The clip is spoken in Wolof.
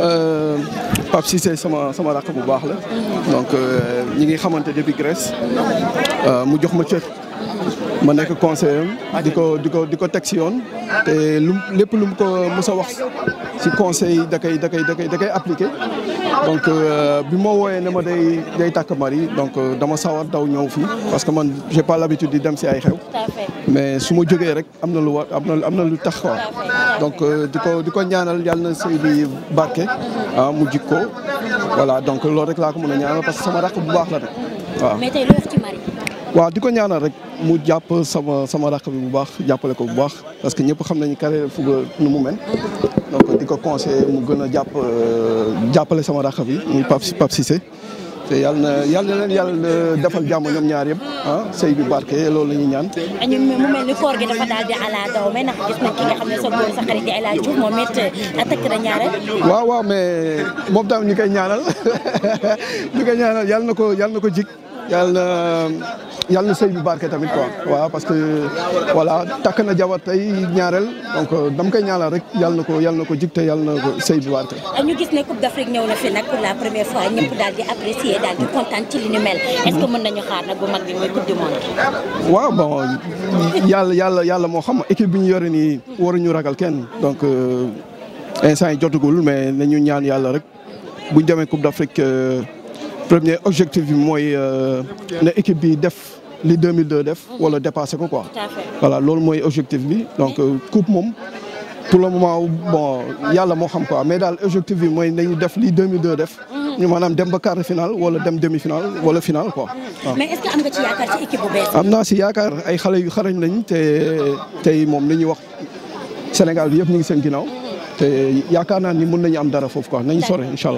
Euh, Pape Cissé sama sama rakk bu baax la donc euh, ñi ngi xamante depuis Grèce euh, mu jox ma cër ma nekk conseiller di ko di ko di ko teg si yoon te lu lépp lum ko mës a wax si conseil da koy da koy da koy da koy appliqué donc euh, bi ma wooyee ne ma day day takk mari donc euh, dama sawar daw ñëw fii parce que man j'ai pas l'habitude di dem si ay xew mais su ma jógee rek am na lu war am na am na lu tax quoi donc euh, di ko di ko ñaanal yàlla na sëy bi barke ah mu jikko voilà donc loolu rek laa ko mën a ñaanal parce que sama rakk bu baax la nag waaw waaw di ko ñaanal rek mu jàpp sama sama rakk bi bu baax jàppale ko bu baax parce que ñëpp xam nañu carrière football nu mu mel donc di ko conseillé mu gën a jàpp euh, jàppale sama rakk bi muy Pape Pape Cissé te yàlla na yàlla na leen yàlla defal jàmm ñoom ñaar yëpp ah sëy bi barke loolu la ñuy ñaan. ñun mu mel ni koor gi dafa daal di ala waaw waaw mais moom tam ñu koy ñaanal ñu koy ñaanal yàlla na ko yàlla na ko jig yàlla yàlla na sëy bi barke tamit quoi waaw parce que voilà takk na jabar tey ñaareel donc euh, dam koy ñaanal rek yàlla na ko yàlla na ko jig te yàlla na ko sëy bi barke. ñu gis ne Coupe d'Afrique ñëw na fi nag la première fois ñëpp daal di apprécier daal di kontaan ci li est-ce que mën nañu xaar nag bu mag bi mooy Coupe du monde. waaw bon yàlla yàlla moo xam équipe bi ñu yore nii waruñu ragal kenn donc euh, instant yi jotagul mais nañu ñaan yàlla rek buñ demee Coupe d'Afrique. Euh, premier objectif bi mooy euh, ne équipe bi def li 2002 def mhm. wala dépassé ko quoi. voilà loolu mooy objectif bi donc euh, coupe moom pour le moment bon yàlla moo xam quoi mais daal objectif bi mooy nañu def li 2002 def. Mhm. ñu maanaam dem ba quart de finale wala dem demi finale wala finale quoi. Mhm. mais est-ce que am nga ci yaakaar ci équipe bu bees. am naa si yaakaar ay xale yu xarañ nañ te tey moom li ñuy wax Sénégal yëpp ñu ngi seen ginnaaw. te yaakaar naa ni mën nañu am dara foofu quoi nañu sore incha